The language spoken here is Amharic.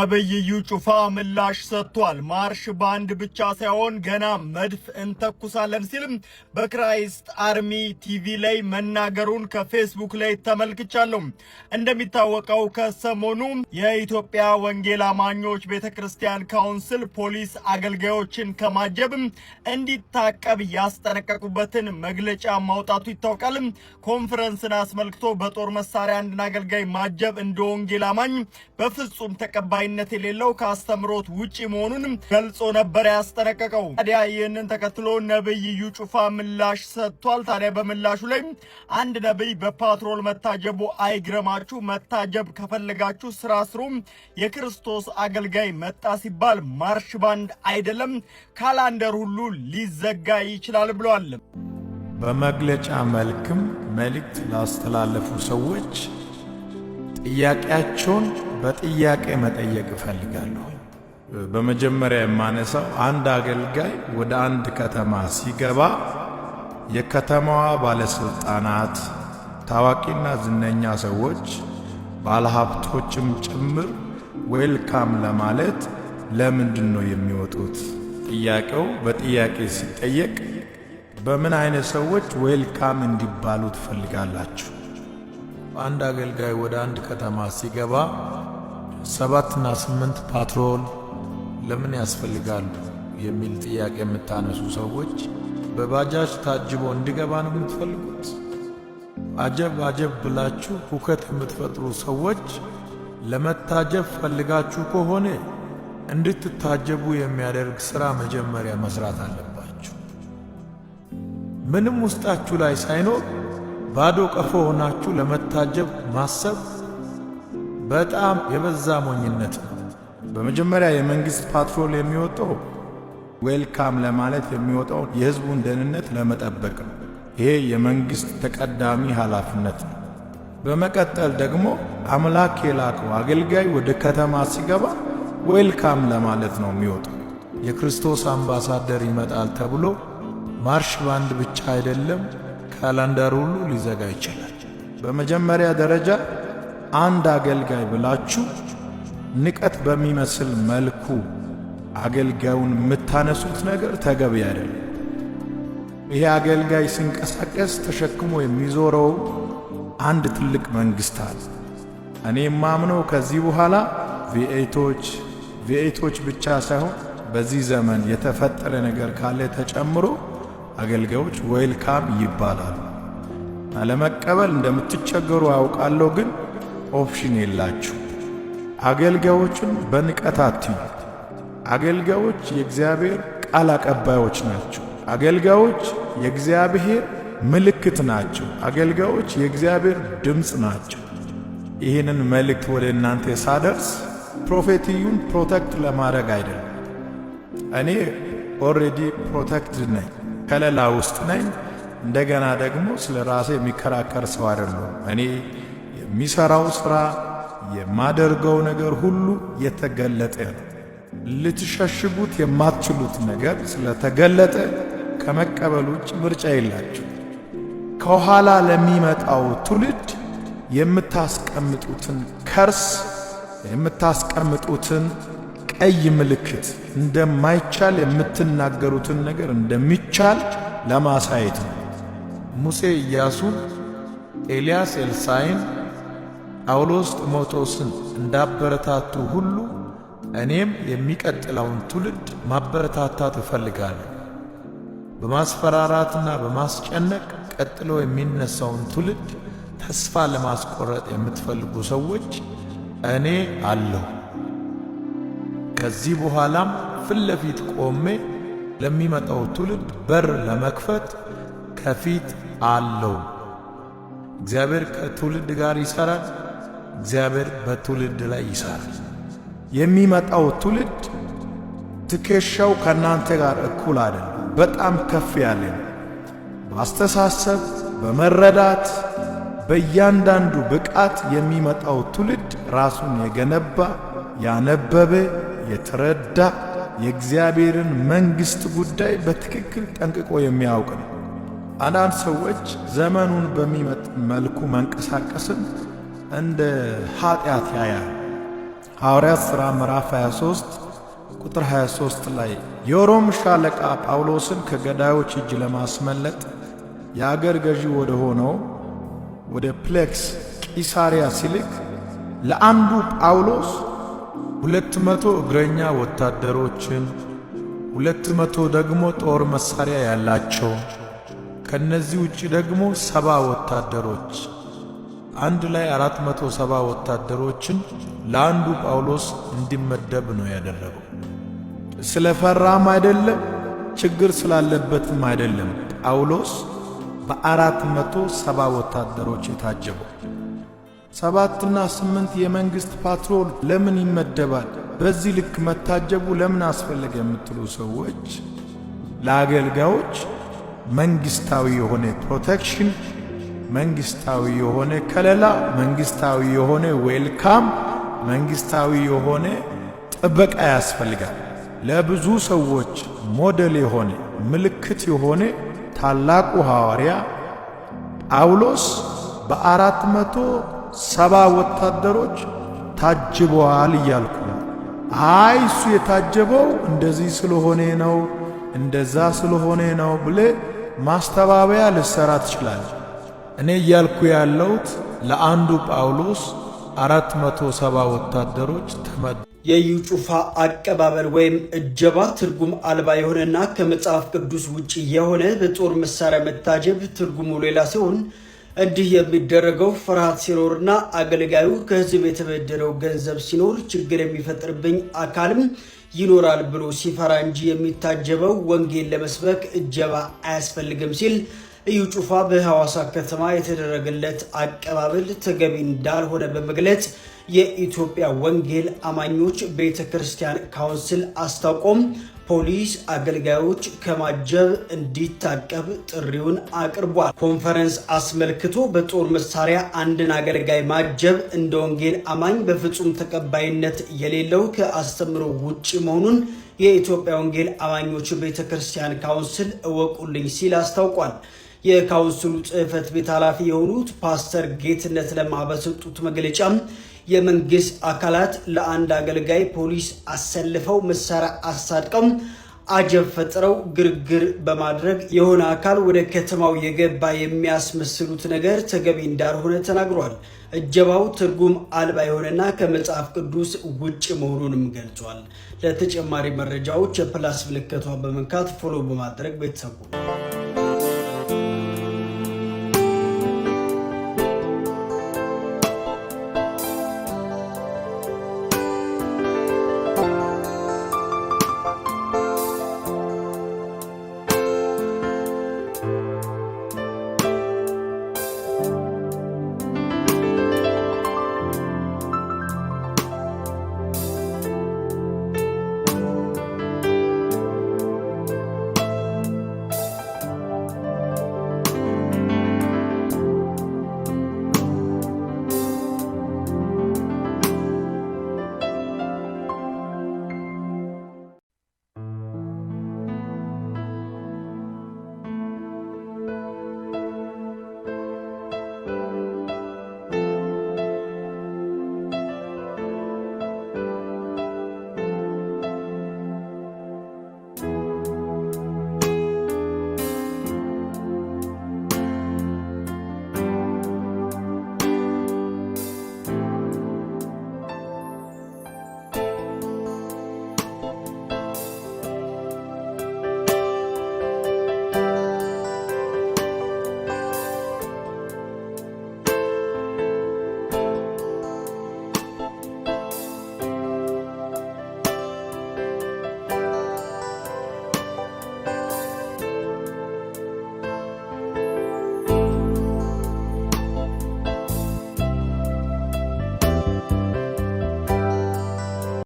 አብይ እዩ ጩፋ ምላሽ ሰጥቷል። ማርሽ ባንድ ብቻ ሳይሆን ገና መድፍ እንተኩሳለን ሲልም በክራይስት አርሚ ቲቪ ላይ መናገሩን ከፌስቡክ ላይ ተመልክቻለሁ። እንደሚታወቀው ከሰሞኑ የኢትዮጵያ ወንጌል አማኞች ቤተ ክርስቲያን ካውንስል ፖሊስ አገልጋዮችን ከማጀብ እንዲታቀብ ያስጠነቀቁበትን መግለጫ ማውጣቱ ይታወቃል። ኮንፈረንስን አስመልክቶ በጦር መሳሪያ አንድን አገልጋይ ማጀብ እንደ ወንጌል አማኝ በፍጹም ተቀባይ ተቀባይነት የሌለው ከአስተምሮት ውጪ መሆኑንም ገልጾ ነበር ያስጠነቀቀው። ታዲያ ይህንን ተከትሎ ነብይ እዩ ጩፋ ምላሽ ሰጥቷል። ታዲያ በምላሹ ላይ አንድ ነብይ በፓትሮል መታጀቡ አይግረማችሁ፣ መታጀብ ከፈለጋችሁ ስራ ስሩ። የክርስቶስ አገልጋይ መጣ ሲባል ማርሽ ባንድ አይደለም ካላንደር ሁሉ ሊዘጋ ይችላል ብሏል። በመግለጫ መልክም መልእክት ላስተላለፉ ሰዎች ጥያቄያቸውን በጥያቄ መጠየቅ እፈልጋለሁ። በመጀመሪያ የማነሳው አንድ አገልጋይ ወደ አንድ ከተማ ሲገባ የከተማዋ ባለሥልጣናት፣ ታዋቂና ዝነኛ ሰዎች፣ ባለሀብቶችም ጭምር ዌልካም ለማለት ለምንድን ነው የሚወጡት? ጥያቄው በጥያቄ ሲጠየቅ በምን አይነት ሰዎች ዌልካም እንዲባሉ ትፈልጋላችሁ? አንድ አገልጋይ ወደ አንድ ከተማ ሲገባ ሰባትና ስምንት ፓትሮል ለምን ያስፈልጋሉ የሚል ጥያቄ የምታነሱ ሰዎች በባጃጅ ታጅቦ እንዲገባ ነው የምትፈልጉት? አጀብ አጀብ ብላችሁ ሁከት የምትፈጥሩ ሰዎች ለመታጀብ ፈልጋችሁ ከሆነ እንድትታጀቡ የሚያደርግ ሥራ መጀመሪያ መሥራት አለባችሁ። ምንም ውስጣችሁ ላይ ሳይኖር ባዶ ቀፎ ሆናችሁ ለመታጀብ ማሰብ በጣም የበዛ ሞኝነት ነው። በመጀመሪያ የመንግሥት ፓትሮል የሚወጣው ዌልካም ለማለት የሚወጣው የሕዝቡን ደህንነት ለመጠበቅ ነው። ይሄ የመንግሥት ተቀዳሚ ኃላፊነት ነው። በመቀጠል ደግሞ አምላክ የላከው አገልጋይ ወደ ከተማ ሲገባ ዌልካም ለማለት ነው የሚወጣው። የክርስቶስ አምባሳደር ይመጣል ተብሎ ማርሽ ባንድ ብቻ አይደለም ካላንደር ሁሉ ሊዘጋ ይችላል። በመጀመሪያ ደረጃ አንድ አገልጋይ ብላችሁ ንቀት በሚመስል መልኩ አገልጋዩን የምታነሱት ነገር ተገቢ አይደለም። ይሄ አገልጋይ ሲንቀሳቀስ ተሸክሞ የሚዞረው አንድ ትልቅ መንግሥት አለ። እኔ የማምነው ከዚህ በኋላ ቪኤቶች ቪኤቶች ብቻ ሳይሆን በዚህ ዘመን የተፈጠረ ነገር ካለ ተጨምሮ አገልጋዮች ዌልካም ይባላሉ። አለመቀበል እንደምትቸገሩ አውቃለሁ፣ ግን ኦፕሽን የላችሁ። አገልጋዮችን በንቀት አትዩ። አገልጋዮች የእግዚአብሔር ቃል አቀባዮች ናቸው። አገልጋዮች የእግዚአብሔር ምልክት ናቸው። አገልጋዮች የእግዚአብሔር ድምፅ ናቸው። ይህንን መልእክት ወደ እናንተ ሳደርስ ፕሮፌቲዩን ፕሮቴክት ለማድረግ አይደለም። እኔ ኦልሬዲ ፕሮቴክትድ ነኝ። ከለላ ውስጥ ነኝ። እንደገና ደግሞ ስለ ራሴ የሚከራከር ሰው አይደለሁም። እኔ የሚሰራው ስራ የማደርገው ነገር ሁሉ የተገለጠ ነው። ልትሸሽጉት የማትችሉት ነገር ስለተገለጠ ከመቀበል ውጭ ምርጫ የላችሁ። ከኋላ ለሚመጣው ትውልድ የምታስቀምጡትን ከርስ የምታስቀምጡትን ቀይ ምልክት እንደማይቻል የምትናገሩትን ነገር እንደሚቻል ለማሳየት ነው። ሙሴ ኢያሱ፣ ኤልያስ ኤልሳይን፣ ጳውሎስ ጢሞቴዎስን እንዳበረታቱ ሁሉ እኔም የሚቀጥለውን ትውልድ ማበረታታት እፈልጋለሁ። በማስፈራራትና በማስጨነቅ ቀጥሎ የሚነሳውን ትውልድ ተስፋ ለማስቆረጥ የምትፈልጉ ሰዎች እኔ አለሁ። ከዚህ በኋላም ፊት ለፊት ቆሜ ለሚመጣው ትውልድ በር ለመክፈት ከፊት አለው። እግዚአብሔር ከትውልድ ጋር ይሰራል። እግዚአብሔር በትውልድ ላይ ይሰራል። የሚመጣው ትውልድ ትከሻው ከእናንተ ጋር እኩል አይደለም። በጣም ከፍ ያለ ነው። በአስተሳሰብ በመረዳት በእያንዳንዱ ብቃት የሚመጣው ትውልድ ራሱን የገነባ ያነበበ የተረዳ የእግዚአብሔርን መንግሥት ጉዳይ በትክክል ጠንቅቆ የሚያውቅ ነው። አንዳንድ ሰዎች ዘመኑን በሚመጥ መልኩ መንቀሳቀስን እንደ ኀጢአት ያያል። ሐዋርያት ሥራ ምዕራፍ 23 ቁጥር 23 ላይ የሮም ሻለቃ ጳውሎስን ከገዳዮች እጅ ለማስመለጥ የአገር ገዢ ወደ ሆነው ወደ ፕሌክስ ቂሳሪያ ሲልክ ለአንዱ ጳውሎስ ሁለት መቶ እግረኛ ወታደሮችን ሁለት መቶ ደግሞ ጦር መሳሪያ ያላቸው ከነዚህ ውጪ ደግሞ ሰባ ወታደሮች አንድ ላይ አራት መቶ ሰባ ወታደሮችን ለአንዱ ጳውሎስ እንዲመደብ ነው ያደረገው። ስለፈራም አይደለም፣ ችግር ስላለበትም አይደለም። ጳውሎስ በአራት መቶ ሰባ ወታደሮች የታጀበው ሰባትና ስምንት የመንግሥት ፓትሮል ለምን ይመደባል? በዚህ ልክ መታጀቡ ለምን አስፈለገ? የምትሉ ሰዎች ለአገልጋዮች መንግሥታዊ የሆነ ፕሮቴክሽን፣ መንግሥታዊ የሆነ ከለላ፣ መንግሥታዊ የሆነ ዌልካም፣ መንግሥታዊ የሆነ ጥበቃ ያስፈልጋል። ለብዙ ሰዎች ሞዴል የሆነ ምልክት የሆነ ታላቁ ሐዋርያ ጳውሎስ በአራት መቶ ሰባ ወታደሮች ታጅበዋል እያልኩ አይ እሱ የታጀበው እንደዚህ ስለሆነ ነው እንደዛ ስለሆነ ነው ብለ ማስተባበያ ልሰራ ትችላል። እኔ እያልኩ ያለሁት ለአንዱ ጳውሎስ አራት መቶ ሰባ ወታደሮች ተመድ የኢዩ ጩፋ አቀባበል ወይም እጀባ ትርጉም አልባ የሆነና ከመጽሐፍ ቅዱስ ውጭ የሆነ በጦር መሳሪያ መታጀብ ትርጉሙ ሌላ ሲሆን እንዲህ የሚደረገው ፍርሃት ሲኖርና አገልጋዩ ከህዝብ የተበደረው ገንዘብ ሲኖር ችግር የሚፈጥርብኝ አካልም ይኖራል ብሎ ሲፈራ እንጂ የሚታጀበው ወንጌል ለመስበክ እጀባ አያስፈልግም ሲል እዩ ጩፋ በሐዋሳ ከተማ የተደረገለት አቀባበል ተገቢ እንዳልሆነ በመግለጽ የኢትዮጵያ ወንጌል አማኞች ቤተ ክርስቲያን ካውንስል አስታውቆም ፖሊስ አገልጋዮች ከማጀብ እንዲታቀብ ጥሪውን አቅርቧል። ኮንፈረንስ አስመልክቶ በጦር መሳሪያ አንድን አገልጋይ ማጀብ እንደ ወንጌል አማኝ በፍጹም ተቀባይነት የሌለው ከአስተምሮ ውጭ መሆኑን የኢትዮጵያ ወንጌል አማኞች ቤተ ክርስቲያን ካውንስል እወቁልኝ ሲል አስታውቋል። የካውንስሉ ጽህፈት ቤት ኃላፊ የሆኑት ፓስተር ጌትነት ለማ በሰጡት መግለጫ የመንግስት አካላት ለአንድ አገልጋይ ፖሊስ አሰልፈው መሳሪያ አሳድቀው አጀብ ፈጥረው ግርግር በማድረግ የሆነ አካል ወደ ከተማው የገባ የሚያስመስሉት ነገር ተገቢ እንዳልሆነ ተናግሯል። እጀባው ትርጉም አልባ የሆነና ከመጽሐፍ ቅዱስ ውጭ መሆኑንም ገልጿል። ለተጨማሪ መረጃዎች የፕላስ ምልክቷን በመንካት ፎሎ በማድረግ ቤተሰቡ